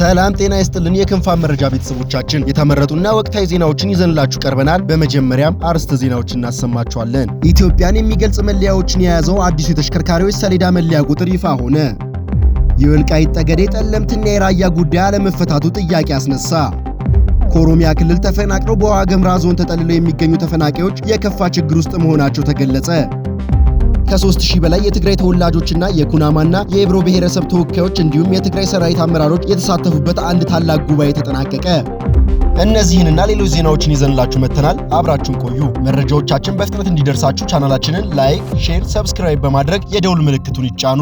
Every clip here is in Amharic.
ሰላም ጤና ይስጥልን። የክንፋን መረጃ ቤተሰቦቻችን የተመረጡና ወቅታዊ ዜናዎችን ይዘንላችሁ ቀርበናል። በመጀመሪያም አርዕስተ ዜናዎችን እናሰማችኋለን። ኢትዮጵያን የሚገልጽ መለያዎችን የያዘው አዲሱ የተሽከርካሪዎች ሰሌዳ መለያ ቁጥር ይፋ ሆነ። የወልቃይት ጠገዴ፣ ጠለምትና የራያ ጉዳይ አለመፈታቱ ጥያቄ አስነሳ። ከኦሮሚያ ክልል ተፈናቅለው በዋግኽምራ ዞን ተጠልለው የሚገኙ ተፈናቃዮች የከፋ ችግር ውስጥ መሆናቸው ተገለጸ። ከሶስት ሺህ በላይ የትግራይ ተወላጆችና የኩናማና የኤብሮ ብሔረሰብ ተወካዮች እንዲሁም የትግራይ ሰራዊት አመራሮች የተሳተፉበት አንድ ታላቅ ጉባኤ ተጠናቀቀ። እነዚህንና ሌሎች ዜናዎችን ይዘንላችሁ መጥተናል። አብራችሁን ቆዩ። መረጃዎቻችን በፍጥነት እንዲደርሳችሁ ቻናላችንን ላይክ፣ ሼር፣ ሰብስክራይብ በማድረግ የደውል ምልክቱን ይጫኑ።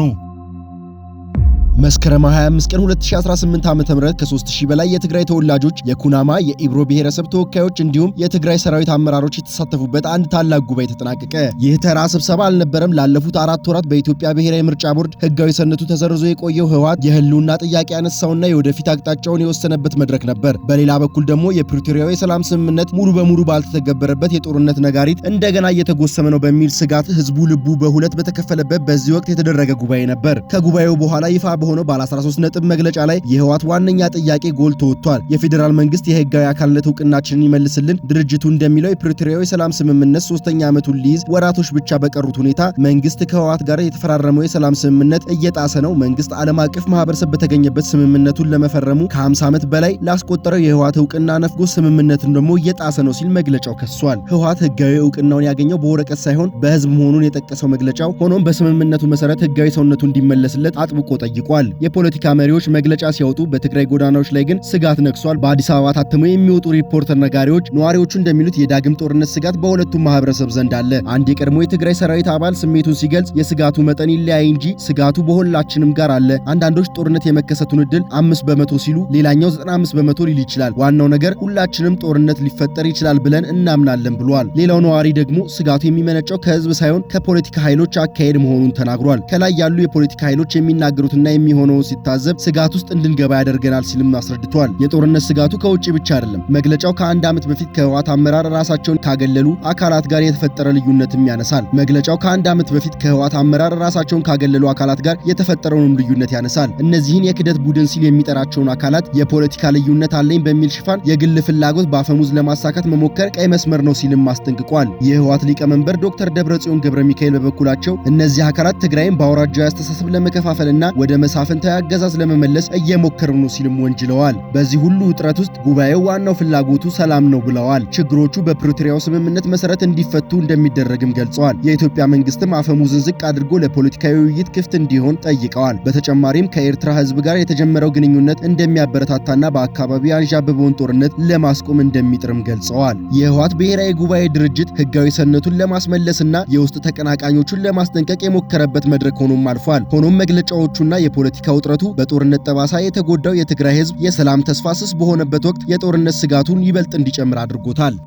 መስከረም 25 ቀን 2018 ዓ.ም ከ3000 በላይ የትግራይ ተወላጆች የኩናማ የኢብሮ ብሔረሰብ ተወካዮች እንዲሁም የትግራይ ሰራዊት አመራሮች የተሳተፉበት አንድ ታላቅ ጉባኤ ተጠናቀቀ። ይህ ተራ ስብሰባ አልነበረም። ላለፉት አራት ወራት በኢትዮጵያ ብሔራዊ ምርጫ ቦርድ ህጋዊ ሰነቱ ተሰርዞ የቆየው ህወሓት የህልውና ጥያቄ ያነሳውና የወደፊት አቅጣጫውን የወሰነበት መድረክ ነበር። በሌላ በኩል ደግሞ የፕሪቶሪያዊ የሰላም ስምምነት ሙሉ በሙሉ ባልተተገበረበት የጦርነት ነጋሪት እንደገና እየተጎሰመ ነው በሚል ስጋት ህዝቡ ልቡ በሁለት በተከፈለበት በዚህ ወቅት የተደረገ ጉባኤ ነበር። ከጉባኤው በኋላ ይፋ በሆነው ባለ 13 ነጥብ መግለጫ ላይ የህወሓት ዋነኛ ጥያቄ ጎልቶ ወጥቷል። የፌዴራል መንግስት የህጋዊ አካልነት እውቅናችንን ይመልስልን። ድርጅቱ እንደሚለው የፕሪቶሪያው የሰላም ስምምነት ሶስተኛ ዓመቱን ሊይዝ ወራቶች ብቻ በቀሩት ሁኔታ መንግስት ከህወሓት ጋር የተፈራረመው የሰላም ስምምነት እየጣሰ ነው። መንግስት ዓለም አቀፍ ማህበረሰብ በተገኘበት ስምምነቱን ለመፈረሙ ከ50 ዓመት በላይ ላስቆጠረው የህወሓት እውቅና ነፍጎ ስምምነትን ደግሞ እየጣሰ ነው ሲል መግለጫው ከሷል። ህወሓት ህጋዊ እውቅናውን ያገኘው በወረቀት ሳይሆን በህዝብ መሆኑን የጠቀሰው መግለጫው ሆኖም በስምምነቱ መሰረት ህጋዊ ሰውነቱ እንዲመለስለት አጥብቆ ጠይቋል። ተደምጠዋል። የፖለቲካ መሪዎች መግለጫ ሲያወጡ፣ በትግራይ ጎዳናዎች ላይ ግን ስጋት ነግሷል። በአዲስ አበባ ታትመው የሚወጡ ሪፖርተር ነጋሪዎች ነዋሪዎቹ እንደሚሉት የዳግም ጦርነት ስጋት በሁለቱም ማህበረሰብ ዘንድ አለ። አንድ የቀድሞ የትግራይ ሰራዊት አባል ስሜቱን ሲገልጽ የስጋቱ መጠን ይለያይ እንጂ ስጋቱ በሁላችንም ጋር አለ። አንዳንዶች ጦርነት የመከሰቱን እድል አምስት በመቶ ሲሉ፣ ሌላኛው 95 በመቶ ሊል ይችላል። ዋናው ነገር ሁላችንም ጦርነት ሊፈጠር ይችላል ብለን እናምናለን ብሏል። ሌላው ነዋሪ ደግሞ ስጋቱ የሚመነጨው ከህዝብ ሳይሆን ከፖለቲካ ኃይሎች አካሄድ መሆኑን ተናግሯል። ከላይ ያሉ የፖለቲካ ኃይሎች የሚናገሩትና የሚ የሚሆነውን ሲታዘብ ስጋት ውስጥ እንድንገባ ያደርገናል ሲልም አስረድቷል። የጦርነት ስጋቱ ከውጭ ብቻ አይደለም። መግለጫው ከአንድ ዓመት በፊት ከህወሓት አመራር ራሳቸውን ካገለሉ አካላት ጋር የተፈጠረ ልዩነትም ያነሳል። መግለጫው ከአንድ ዓመት በፊት ከህወሓት አመራር ራሳቸውን ካገለሉ አካላት ጋር የተፈጠረውንም ልዩነት ያነሳል። እነዚህን የክደት ቡድን ሲል የሚጠራቸውን አካላት የፖለቲካ ልዩነት አለኝ በሚል ሽፋን የግል ፍላጎት በአፈሙዝ ለማሳካት መሞከር ቀይ መስመር ነው ሲልም አስጠንቅቋል። የህወሓት ሊቀመንበር ዶክተር ደብረጽዮን ገብረ ሚካኤል በበኩላቸው እነዚህ አካላት ትግራይን በአውራጃዊ አስተሳሰብ ለመከፋፈልና ወደ መሳ መሳፍንታዊ አገዛዝ ለመመለስ እየሞከሩ ነው ሲልም ወንጅለዋል። በዚህ ሁሉ ውጥረት ውስጥ ጉባኤው ዋናው ፍላጎቱ ሰላም ነው ብለዋል። ችግሮቹ በፕሪቶሪያው ስምምነት መሰረት እንዲፈቱ እንደሚደረግም ገልጸዋል። የኢትዮጵያ መንግስትም አፈሙዝን ዝቅ አድርጎ ለፖለቲካዊ ውይይት ክፍት እንዲሆን ጠይቀዋል። በተጨማሪም ከኤርትራ ህዝብ ጋር የተጀመረው ግንኙነት እንደሚያበረታታና በአካባቢው አንዣበበውን ጦርነት ለማስቆም እንደሚጥርም ገልጸዋል። የህወሓት ብሔራዊ ጉባኤ ድርጅት ህጋዊ ሰነቱን ለማስመለስና የውስጥ ተቀናቃኞቹን ለማስጠንቀቅ የሞከረበት መድረክ ሆኖም አልፏል። ሆኖም መግለጫዎቹና የፖለ የፖለቲካ ውጥረቱ በጦርነት ጠባሳ የተጎዳው የትግራይ ህዝብ የሰላም ተስፋ ስስ በሆነበት ወቅት የጦርነት ስጋቱን ይበልጥ እንዲጨምር አድርጎታል።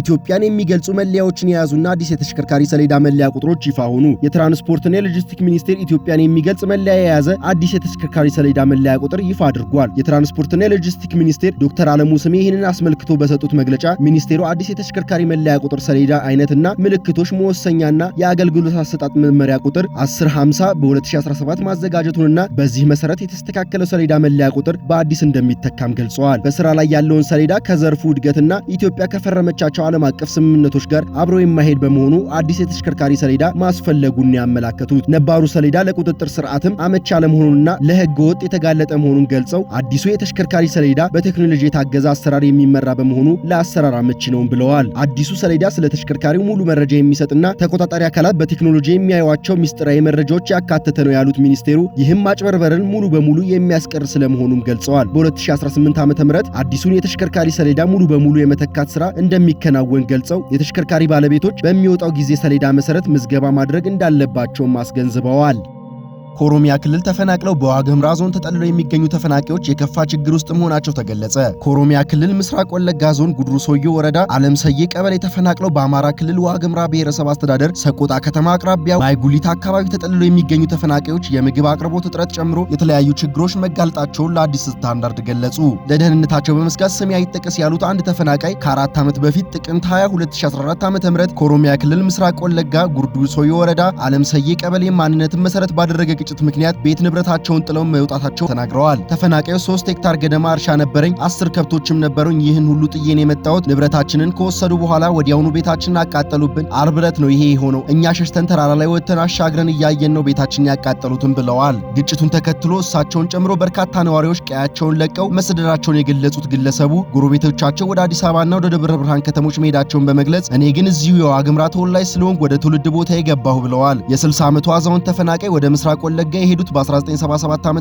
ኢትዮጵያን የሚገልጹ መለያዎችን የያዙና አዲስ የተሽከርካሪ ሰሌዳ መለያ ቁጥሮች ይፋ ሆኑ። የትራንስፖርትና የሎጂስቲክ ሚኒስቴር ኢትዮጵያን የሚገልጽ መለያ የያዘ አዲስ የተሽከርካሪ ሰሌዳ መለያ ቁጥር ይፋ አድርጓል። የትራንስፖርትና የሎጂስቲክ ሚኒስቴር ዶክተር አለሙ ስሜ ይህንን አስመልክቶ በሰጡት መግለጫ ሚኒስቴሩ አዲስ የተሽከርካሪ መለያ ቁጥር ሰሌዳ አይነትና ምልክቶች መወሰኛና የአገልግሎት አሰጣጥ መመሪያ ቁጥር 1050 በ2017 ማዘጋጀቱንና በዚህ መሰረት የተስተካከለው ሰሌዳ መለያ ቁጥር በአዲስ እንደሚተካም ገልጸዋል። በስራ ላይ ያለውን ሰሌዳ ከዘርፉ እድገትና ኢትዮጵያ ከፈረመቻቸው ከሚያደርጋቸው ዓለም አቀፍ ስምምነቶች ጋር አብሮ የማይሄድ በመሆኑ አዲስ የተሽከርካሪ ሰሌዳ ማስፈለጉን ያመላከቱት ነባሩ ሰሌዳ ለቁጥጥር ስርዓትም አመቺ አለመሆኑንና ለህገ ወጥ የተጋለጠ መሆኑን ገልጸው አዲሱ የተሽከርካሪ ሰሌዳ በቴክኖሎጂ የታገዘ አሰራር የሚመራ በመሆኑ ለአሰራር አመቺ ነውም ብለዋል። አዲሱ ሰሌዳ ስለ ተሽከርካሪው ሙሉ መረጃ የሚሰጥና ተቆጣጣሪ አካላት በቴክኖሎጂ የሚያዩዋቸው ሚስጥራዊ መረጃዎች ያካተተ ነው ያሉት ሚኒስቴሩ ይህም ማጭበርበርን ሙሉ በሙሉ የሚያስቀር ስለመሆኑም ገልጸዋል። በ2018 ዓ ም አዲሱን የተሽከርካሪ ሰሌዳ ሙሉ በሙሉ የመተካት ስራ እንደሚከ እንደሚከናወን ገልጸው የተሽከርካሪ ባለቤቶች በሚወጣው ጊዜ ሰሌዳ መሰረት ምዝገባ ማድረግ እንዳለባቸውም አስገንዝበዋል። ከኦሮሚያ ክልል ተፈናቅለው በዋግምራ ዞን ተጠልለው የሚገኙ ተፈናቃዮች የከፋ ችግር ውስጥ መሆናቸው ተገለጸ። ከኦሮሚያ ክልል ምስራቅ ወለጋ ዞን ጉድሩ ሶዮ ወረዳ አለም ሰዬ ቀበሌ ተፈናቅለው በአማራ ክልል ዋግምራ ብሔረሰብ አስተዳደር ሰቆጣ ከተማ አቅራቢያ ማይጉሊታ አካባቢ ተጠልለው የሚገኙ ተፈናቃዮች የምግብ አቅርቦት እጥረት ጨምሮ የተለያዩ ችግሮች መጋለጣቸውን ለአዲስ ስታንዳርድ ገለጹ። ለደህንነታቸው በመስጋት ስም አይጠቀስ ያሉት አንድ ተፈናቃይ ከአራት ዓመት በፊት ጥቅምት 20 2014 ዓ ም ከኦሮሚያ ክልል ምስራቅ ወለጋ ጉድሩ ሶዮ ወረዳ አለም ሰዬ ቀበሌ ማንነትን መሰረት ባደረገ ግጭት ምክንያት ቤት ንብረታቸውን ጥለው መውጣታቸው ተናግረዋል። ተፈናቃዩ ሶስት ሄክታር ገደማ እርሻ ነበረኝ፣ አስር ከብቶችም ነበሩኝ። ይህን ሁሉ ጥዬን የመጣሁት ንብረታችንን ከወሰዱ በኋላ ወዲያውኑ ቤታችንን አቃጠሉብን። አርብ ዕለት ነው ይሄ የሆነው። እኛ ሸሽተን ተራራ ላይ ወጥተን አሻግረን እያየን ነው ቤታችንን ያቃጠሉትን ብለዋል። ግጭቱን ተከትሎ እሳቸውን ጨምሮ በርካታ ነዋሪዎች ቀያቸውን ለቀው መሰደዳቸውን የገለጹት ግለሰቡ ጎረቤቶቻቸው ወደ አዲስ አበባና ወደ ደብረ ብርሃን ከተሞች መሄዳቸውን በመግለጽ እኔ ግን እዚሁ የዋግምራ ተወላጅ ስለሆንኩ ወደ ትውልድ ቦታ የገባሁ ብለዋል። የ60 ዓመቱ አዛውንት ተፈናቃይ ወደ ምስራቅ ወለጋ የሄዱት በ1977 ዓ.ም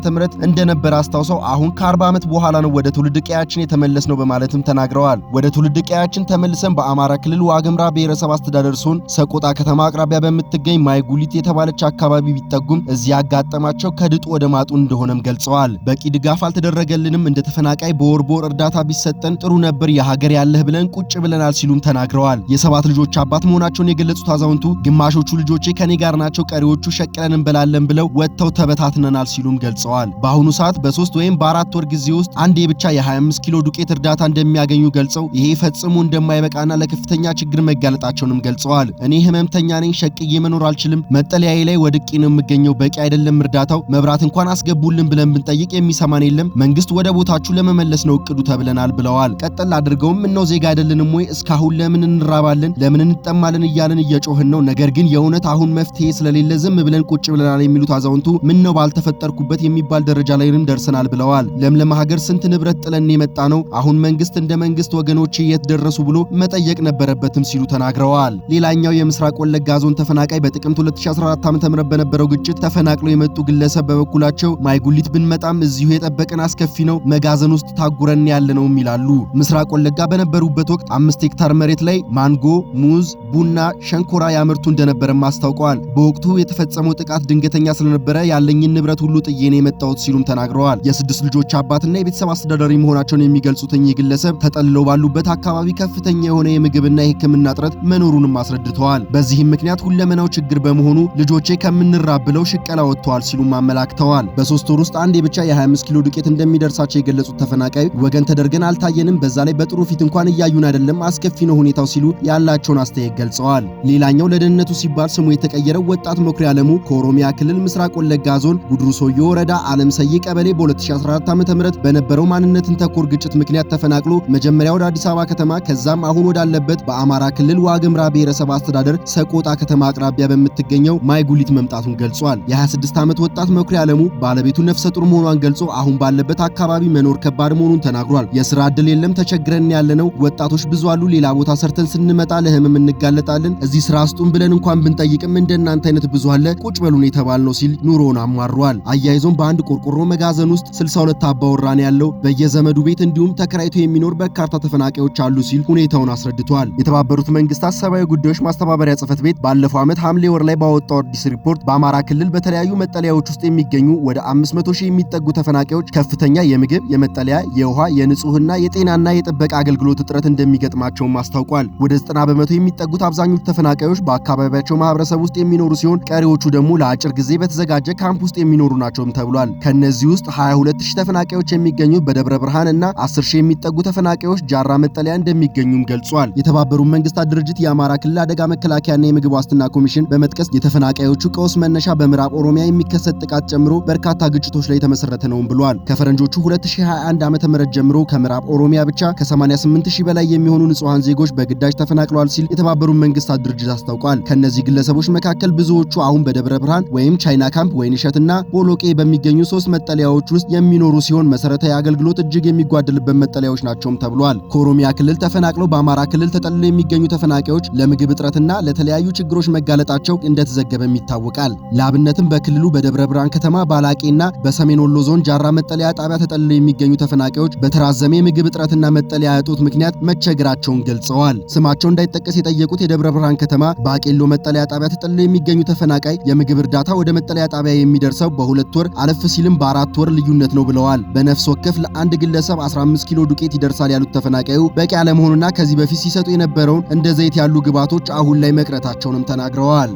እንደነበረ አስታውሰው አሁን ከ40 ዓመት በኋላ ነው ወደ ትውልድ ቀያችን የተመለስ ነው በማለትም ተናግረዋል። ወደ ትውልድ ቀያችን ተመልሰን በአማራ ክልል ዋግምራ ብሔረሰብ አስተዳደር ሲሆን ሰቆጣ ከተማ አቅራቢያ በምትገኝ ማይጉሊት የተባለች አካባቢ ቢጠጉም እዚህ ያጋጠማቸው ከድጡ ወደ ማጡ እንደሆነም ገልጸዋል። በቂ ድጋፍ አልተደረገልንም፣ እንደ ተፈናቃይ በወር በወር እርዳታ ቢሰጠን ጥሩ ነበር፣ የሀገር ያለህ ብለን ቁጭ ብለናል ሲሉም ተናግረዋል። የሰባት ልጆች አባት መሆናቸውን የገለጹት አዛውንቱ ግማሾቹ ልጆቼ ከኔ ጋር ናቸው፣ ቀሪዎቹ ሸቅለን እንበላለን ብለው ወጥተው ተበታትነናል ሲሉም ገልጸዋል። በአሁኑ ሰዓት በሶስት ወይም በአራት ወር ጊዜ ውስጥ አንዴ ብቻ የ25 ኪሎ ዱቄት እርዳታ እንደሚያገኙ ገልጸው ይሄ ፈጽሞ እንደማይበቃና ለከፍተኛ ችግር መጋለጣቸውንም ገልጸዋል። እኔ ህመምተኛ ነኝ፣ ሸቅዬ መኖር አልችልም፣ መጠለያዬ ላይ ወድቄ ነው የምገኘው፣ በቂ አይደለም እርዳታው፣ መብራት እንኳን አስገቡልን ብለን ብንጠይቅ የሚሰማን የለም፣ መንግስት ወደ ቦታችሁ ለመመለስ ነው እቅዱ ተብለናል ብለዋል። ቀጠል አድርገውም እነው ዜጋ አይደለንም ወይ እስካሁን ለምን እንራባለን ለምን እንጠማለን እያለን እየጮህን ነው። ነገር ግን የእውነት አሁን መፍትሄ ስለሌለ ዝም ብለን ቁጭ ብለናል የሚሉት አዛው አዛውንቱ ምን ነው ባልተፈጠርኩበት የሚባል ደረጃ ላይንም ደርሰናል ብለዋል። ለምለም ሀገር ስንት ንብረት ጥለን የመጣ ነው። አሁን መንግስት እንደ መንግስት ወገኖች የት ደረሱ ብሎ መጠየቅ ነበረበትም ሲሉ ተናግረዋል። ሌላኛው የምስራቅ ወለጋ ዞን ተፈናቃይ በጥቅምት 2014 ዓ.ም በነበረው ግጭት ተፈናቅለው የመጡ ግለሰብ በበኩላቸው ማይጉሊት ብንመጣም እዚሁ የጠበቀን አስከፊ ነው፣ መጋዘን ውስጥ ታጉረን ያለ ነውም ይላሉ። ምስራቅ ወለጋ በነበሩበት ወቅት አምስት ሄክታር መሬት ላይ ማንጎ፣ ሙዝ፣ ቡና፣ ሸንኮራ ያመርቱ እንደነበረም አስታውቀዋል። በወቅቱ የተፈጸመው ጥቃት ድንገተኛ ስለነበ ነበረ ያለኝን ንብረት ሁሉ ጥዬ ነው የመጣሁት ሲሉም ተናግረዋል። የስድስት ልጆች አባትና የቤተሰብ አስተዳዳሪ መሆናቸውን የሚገልጹት ይህ ግለሰብ ተጠልለው ባሉበት አካባቢ ከፍተኛ የሆነ የምግብና የሕክምና እጥረት መኖሩንም አስረድተዋል። በዚህም ምክንያት ሁለመናው ችግር በመሆኑ ልጆቼ ከምንራብ ብለው ሽቀላ ወጥተዋል ሲሉም አመላክተዋል። በሶስት ወር ውስጥ አንዴ ብቻ የ25 ኪሎ ዱቄት እንደሚደርሳቸው የገለጹት ተፈናቃይ ወገን ተደርገን አልታየንም፣ በዛ ላይ በጥሩ ፊት እንኳን እያዩን አይደለም፣ አስከፊ ነው ሁኔታው ሲሉ ያላቸውን አስተያየት ገልጸዋል። ሌላኛው ለደህንነቱ ሲባል ስሙ የተቀየረው ወጣት መኩሪያ አለሙ ከኦሮሚያ ክልል ምስራቅ ምስራቅ ወለጋ ዞን ጉድሩ ሶዮ ወረዳ አለም ሰይ ቀበሌ በ2014 ዓ.ም በነበረው ማንነትን ተኮር ግጭት ምክንያት ተፈናቅሎ መጀመሪያ ወደ አዲስ አበባ ከተማ ከዛም አሁን ወዳለበት በአማራ ክልል ዋግምራ ብሔረሰብ አስተዳደር ሰቆጣ ከተማ አቅራቢያ በምትገኘው ማይጉሊት መምጣቱን ገልጿል። የ26 ዓመት ወጣት መኩሪያ አለሙ ባለቤቱ ነፍሰ ጡር መሆኗን ገልጾ አሁን ባለበት አካባቢ መኖር ከባድ መሆኑን ተናግሯል። የስራ ዕድል የለም፣ ተቸግረን ያለነው ወጣቶች ብዙ አሉ። ሌላ ቦታ ሰርተን ስንመጣ ለህመም እንጋለጣለን። እዚህ ስራ ስጡን ብለን እንኳን ብንጠይቅም እንደናንተ አይነት ብዙ አለ ቁጭ በሉን የተባልነው ሲል ኑሮውን አሟሯል። አያይዞም በአንድ ቆርቆሮ መጋዘን ውስጥ 62 አባወራን ያለው በየዘመዱ ቤት እንዲሁም ተከራይቶ የሚኖር በርካታ ተፈናቃዮች አሉ ሲል ሁኔታውን አስረድቷል። የተባበሩት መንግስታት ሰብአዊ ጉዳዮች ማስተባበሪያ ጽህፈት ቤት ባለፈው ዓመት ሐምሌ ወር ላይ ባወጣው አዲስ ሪፖርት በአማራ ክልል በተለያዩ መጠለያዎች ውስጥ የሚገኙ ወደ 500 ሺህ የሚጠጉ ተፈናቃዮች ከፍተኛ የምግብ፣ የመጠለያ፣ የውሃ፣ የንጹህና የጤናና የጥበቃ አገልግሎት እጥረት እንደሚገጥማቸውም አስታውቋል። ወደ 90 በመቶ የሚጠጉት አብዛኞቹ ተፈናቃዮች በአካባቢያቸው ማህበረሰብ ውስጥ የሚኖሩ ሲሆን ቀሪዎቹ ደግሞ ለአጭር ጊዜ በተዘጋ የተዘጋጀ ካምፕ ውስጥ የሚኖሩ ናቸውም ተብሏል። ከእነዚህ ውስጥ 22000 ተፈናቃዮች የሚገኙ በደብረ ብርሃን እና 10000 የሚጠጉ ተፈናቃዮች ጃራ መጠለያ እንደሚገኙም ገልጿል። የተባበሩት መንግስታት ድርጅት የአማራ ክልል አደጋ መከላከያና የምግብ ዋስትና ኮሚሽን በመጥቀስ የተፈናቃዮቹ ቀውስ መነሻ በምዕራብ ኦሮሚያ የሚከሰት ጥቃት ጨምሮ በርካታ ግጭቶች ላይ የተመሰረተ ነውም ብሏል። ከፈረንጆቹ 2021 ዓ.ም ጀምሮ ከምዕራብ ኦሮሚያ ብቻ ከ88000 በላይ የሚሆኑ ንጹሐን ዜጎች በግዳጅ ተፈናቅለዋል ሲል የተባበሩት መንግስታት ድርጅት አስታውቋል። ከእነዚህ ግለሰቦች መካከል ብዙዎቹ አሁን በደብረ ብርሃን ወይም ቻይና ካምፕ፣ ወይንሸትና ቦሎቄ በሚገኙ ሶስት መጠለያዎች ውስጥ የሚኖሩ ሲሆን መሰረታዊ አገልግሎት እጅግ የሚጓደልበት መጠለያዎች ናቸውም ተብሏል። ከኦሮሚያ ክልል ተፈናቅለው በአማራ ክልል ተጠልለው የሚገኙ ተፈናቃዮች ለምግብ እጥረትና ለተለያዩ ችግሮች መጋለጣቸው እንደተዘገበም ይታወቃል። ለአብነትም በክልሉ በደብረ ብርሃን ከተማ ባላቄና በሰሜን ወሎ ዞን ጃራ መጠለያ ጣቢያ ተጠልለው የሚገኙ ተፈናቃዮች በተራዘመ የምግብ እጥረትና መጠለያ እጦት ምክንያት መቸገራቸውን ገልጸዋል። ስማቸው እንዳይጠቀስ የጠየቁት የደብረ ብርሃን ከተማ ባቄሎ መጠለያ ጣቢያ ተጠልለው የሚገኙ ተፈናቃይ የምግብ እርዳታ ወደ መጠለያ ማጠቃለያ ጣቢያ የሚደርሰው በሁለት ወር አለፍ ሲልም በአራት ወር ልዩነት ነው ብለዋል። በነፍስ ወከፍ ለአንድ ግለሰብ 15 ኪሎ ዱቄት ይደርሳል ያሉት ተፈናቃዩ በቂ አለመሆኑና ከዚህ በፊት ሲሰጡ የነበረውን እንደ ዘይት ያሉ ግብዓቶች አሁን ላይ መቅረታቸውንም ተናግረዋል።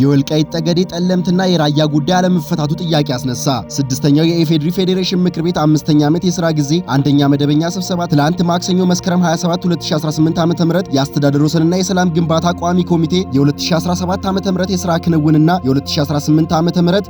የወልቃይት ጠገዴ ጠለምትና የራያ ጉዳይ አለመፈታቱ ጥያቄ አስነሳ። ስድስተኛው የኢፌዴሪ ፌዴሬሽን ምክር ቤት አምስተኛ ዓመት የሥራ ጊዜ አንደኛ መደበኛ ስብሰባ ትላንት ማክሰኞ መስከረም 27 2018 ዓ.ም የአስተዳደር ወሰንና የሰላም ግንባታ ቋሚ ኮሚቴ የ2017 ዓ.ም የሥራ ክንውንና የ2018 ዓ.ም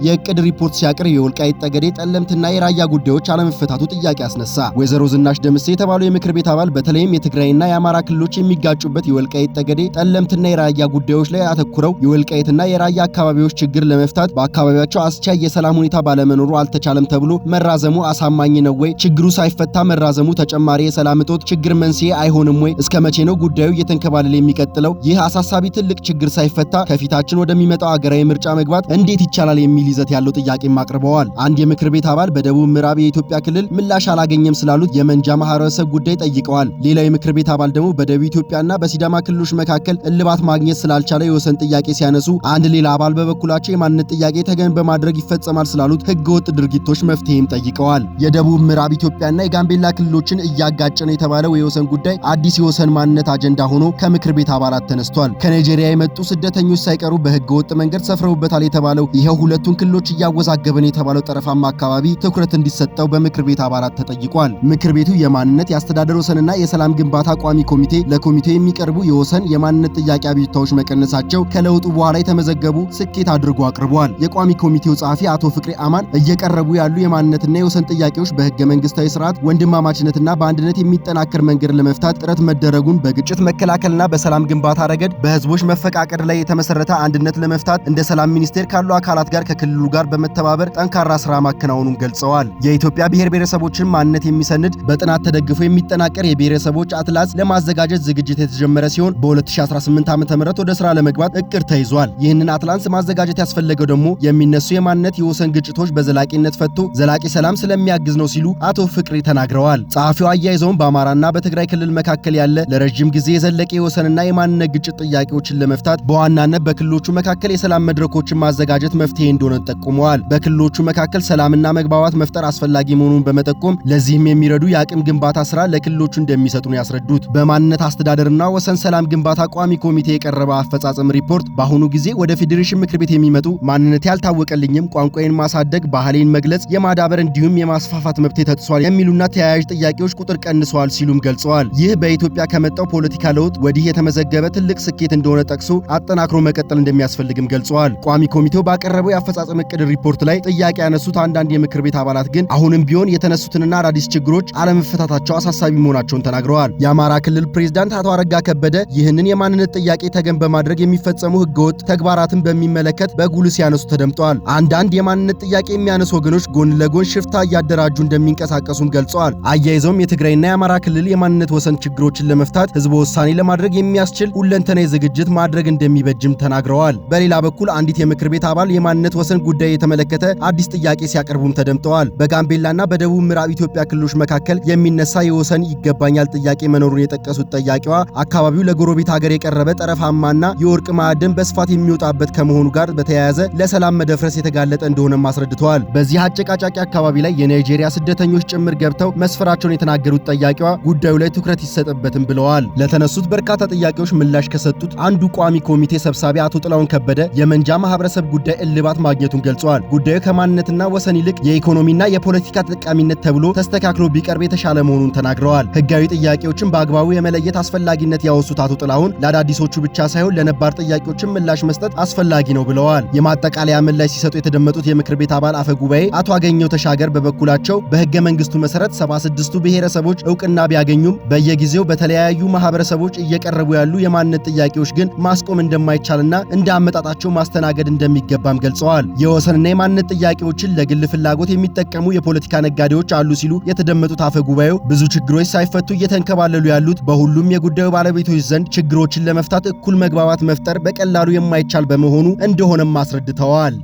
የእቅድ ሪፖርት ሲያቀርብ የወልቃይት ጠገዴ ጠለምትና የራያ ጉዳዮች አለመፈታቱ ጥያቄ አስነሳ። ወይዘሮ ዝናሽ ደምሴ የተባሉ የምክር ቤት አባል በተለይም የትግራይና የአማራ ክልሎች የሚጋጩበት የወልቃይት ጠገዴ ጠለምትና የራያ ጉዳዮች ላይ አተኩረው የወልቃይትና የራያ አካባቢዎች ችግር ለመፍታት በአካባቢያቸው አስቻይ የሰላም ሁኔታ ባለመኖሩ አልተቻለም ተብሎ መራዘሙ አሳማኝ ነው ወይ? ችግሩ ሳይፈታ መራዘሙ ተጨማሪ የሰላም እጦት ችግር መንስኤ አይሆንም ወይ? እስከ መቼ ነው ጉዳዩ እየተንከባለለ የሚቀጥለው? ይህ አሳሳቢ ትልቅ ችግር ሳይፈታ ከፊታችን ወደሚመጣው አገራዊ ምርጫ መግባት እንዴት ይቻላል የሚል ይዘት ያለው ጥያቄም አቅርበዋል። አንድ የምክር ቤት አባል በደቡብ ምዕራብ የኢትዮጵያ ክልል ምላሽ አላገኘም ስላሉት የመንጃ ማህበረሰብ ጉዳይ ጠይቀዋል። ሌላው የምክር ቤት አባል ደግሞ በደቡብ ኢትዮጵያና በሲዳማ ክልሎች መካከል እልባት ማግኘት ስላልቻለ የወሰን ጥያቄ ሲያነሱ አንድ ሌላ አባል በበኩላቸው የማንነት ጥያቄ ተገን በማድረግ ይፈጸማል ስላሉት ህገወጥ ድርጊቶች መፍትሄም ጠይቀዋል። የደቡብ ምዕራብ ኢትዮጵያና የጋምቤላ ክልሎችን እያጋጨ ነው የተባለው የወሰን ጉዳይ አዲስ የወሰን ማንነት አጀንዳ ሆኖ ከምክር ቤት አባላት ተነስቷል። ከናይጄሪያ የመጡ ስደተኞች ሳይቀሩ በህገወጥ መንገድ ሰፍረውበታል የተባለው ይኸው ሁለቱን ክልሎች እያወዛገበን የተባለው ጠረፋማ አካባቢ ትኩረት እንዲሰጠው በምክር ቤት አባላት ተጠይቋል። ምክር ቤቱ የማንነት የአስተዳደር ወሰንና የሰላም ግንባታ ቋሚ ኮሚቴ ለኮሚቴው የሚቀርቡ የወሰን የማንነት ጥያቄ አቤቱታዎች መቀነሳቸው ከለውጡ በኋላ የተመዘ እየዘገቡ ስኬት አድርጎ አቅርቧል። የቋሚ ኮሚቴው ጸሐፊ አቶ ፍቅሬ አማን እየቀረቡ ያሉ የማንነትና የወሰን ጥያቄዎች በህገ መንግስታዊ ስርዓት ወንድማማችነትና በአንድነት የሚጠናከር መንገድ ለመፍታት ጥረት መደረጉን፣ በግጭት መከላከልና በሰላም ግንባታ ረገድ በህዝቦች መፈቃቀድ ላይ የተመሰረተ አንድነት ለመፍታት እንደ ሰላም ሚኒስቴር ካሉ አካላት ጋር ከክልሉ ጋር በመተባበር ጠንካራ ስራ ማከናወኑን ገልጸዋል። የኢትዮጵያ ብሔር ብሔረሰቦችን ማንነት የሚሰንድ በጥናት ተደግፎ የሚጠናቀር የብሔረሰቦች አትላስ ለማዘጋጀት ዝግጅት የተጀመረ ሲሆን በ2018 ዓ.ም ወደ ስራ ለመግባት እቅድ ተይዟል። ይህን ይህንን አትላንስ ማዘጋጀት ያስፈለገው ደግሞ የሚነሱ የማንነት የወሰን ግጭቶች በዘላቂነት ፈቶ ዘላቂ ሰላም ስለሚያግዝ ነው ሲሉ አቶ ፍቅሪ ተናግረዋል። ጸሐፊው አያይዘውም በአማራና በትግራይ ክልል መካከል ያለ ለረዥም ጊዜ የዘለቀ የወሰንና የማንነት ግጭት ጥያቄዎችን ለመፍታት በዋናነት በክልሎቹ መካከል የሰላም መድረኮችን ማዘጋጀት መፍትሄ እንደሆነ ጠቁመዋል። በክልሎቹ መካከል ሰላምና መግባባት መፍጠር አስፈላጊ መሆኑን በመጠቆም ለዚህም የሚረዱ የአቅም ግንባታ ስራ ለክልሎቹ እንደሚሰጡ ነው ያስረዱት። በማንነት አስተዳደርና ወሰን ሰላም ግንባታ ቋሚ ኮሚቴ የቀረበ አፈጻጸም ሪፖርት በአሁኑ ጊዜ ወደ ወደ ፌዴሬሽን ምክር ቤት የሚመጡ ማንነት ያልታወቀልኝም፣ ቋንቋዬን ማሳደግ፣ ባህሌን መግለጽ፣ የማዳበር እንዲሁም የማስፋፋት መብቴ ተጥሷል የሚሉና ተያያዥ ጥያቄዎች ቁጥር ቀንሰዋል ሲሉም ገልጸዋል። ይህ በኢትዮጵያ ከመጣው ፖለቲካ ለውጥ ወዲህ የተመዘገበ ትልቅ ስኬት እንደሆነ ጠቅሶ አጠናክሮ መቀጠል እንደሚያስፈልግም ገልጸዋል። ቋሚ ኮሚቴው ባቀረበው የአፈጻጸም እቅድ ሪፖርት ላይ ጥያቄ ያነሱት አንዳንድ የምክር ቤት አባላት ግን አሁንም ቢሆን የተነሱትንና አዳዲስ ችግሮች አለመፈታታቸው አሳሳቢ መሆናቸውን ተናግረዋል። የአማራ ክልል ፕሬዝዳንት አቶ አረጋ ከበደ ይህንን የማንነት ጥያቄ ተገን በማድረግ የሚፈጸሙ ህገወጥ ተግባራ ማጣራትን በሚመለከት በጉል ሲያነሱ ተደምጠዋል። አንዳንድ የማንነት ጥያቄ የሚያነሱ ወገኖች ጎን ለጎን ሽፍታ እያደራጁ እንደሚንቀሳቀሱም ገልጸዋል። አያይዘውም የትግራይና የአማራ ክልል የማንነት ወሰን ችግሮችን ለመፍታት ህዝበ ውሳኔ ለማድረግ የሚያስችል ሁለንተናዊ ዝግጅት ማድረግ እንደሚበጅም ተናግረዋል። በሌላ በኩል አንዲት የምክር ቤት አባል የማንነት ወሰን ጉዳይ የተመለከተ አዲስ ጥያቄ ሲያቀርቡም ተደምጠዋል። በጋምቤላና በደቡብ ምዕራብ ኢትዮጵያ ክልሎች መካከል የሚነሳ የወሰን ይገባኛል ጥያቄ መኖሩን የጠቀሱት ጠያቂዋ አካባቢው ለጎረቤት ሀገር የቀረበ ጠረፋማና የወርቅ ማዕድን በስፋት የሚወጣ የሚመጣበት ከመሆኑ ጋር በተያያዘ ለሰላም መደፍረስ የተጋለጠ እንደሆነም አስረድተዋል። በዚህ አጨቃጫቂ አካባቢ ላይ የናይጄሪያ ስደተኞች ጭምር ገብተው መስፈራቸውን የተናገሩት ጠያቂዋ ጉዳዩ ላይ ትኩረት ይሰጥበትም ብለዋል። ለተነሱት በርካታ ጥያቄዎች ምላሽ ከሰጡት አንዱ ቋሚ ኮሚቴ ሰብሳቢ አቶ ጥላሁን ከበደ የመንጃ ማህበረሰብ ጉዳይ እልባት ማግኘቱን ገልጸዋል። ጉዳዩ ከማንነትና ወሰን ይልቅ የኢኮኖሚና የፖለቲካ ተጠቃሚነት ተብሎ ተስተካክሎ ቢቀርብ የተሻለ መሆኑን ተናግረዋል። ህጋዊ ጥያቄዎችን በአግባቡ የመለየት አስፈላጊነት ያወሱት አቶ ጥላሁን ለአዳዲሶቹ ብቻ ሳይሆን ለነባር ጥያቄዎችን ምላሽ መስጠት መስጠት አስፈላጊ ነው ብለዋል። የማጠቃለያ ምላሽ ሲሰጡ የተደመጡት የምክር ቤት አባል አፈ ጉባኤ አቶ አገኘው ተሻገር በበኩላቸው በህገ መንግስቱ መሰረት 76ቱ ብሔረሰቦች እውቅና ቢያገኙም በየጊዜው በተለያዩ ማህበረሰቦች እየቀረቡ ያሉ የማንነት ጥያቄዎች ግን ማስቆም እንደማይቻልና እንደ አመጣጣቸው ማስተናገድ እንደሚገባም ገልጸዋል። የወሰንና የማንነት ጥያቄዎችን ለግል ፍላጎት የሚጠቀሙ የፖለቲካ ነጋዴዎች አሉ ሲሉ የተደመጡት አፈ ጉባኤው ብዙ ችግሮች ሳይፈቱ እየተንከባለሉ ያሉት በሁሉም የጉዳዩ ባለቤቶች ዘንድ ችግሮችን ለመፍታት እኩል መግባባት መፍጠር በቀላሉ የማይቻል አካል በመሆኑ እንደሆነም አስረድተዋል።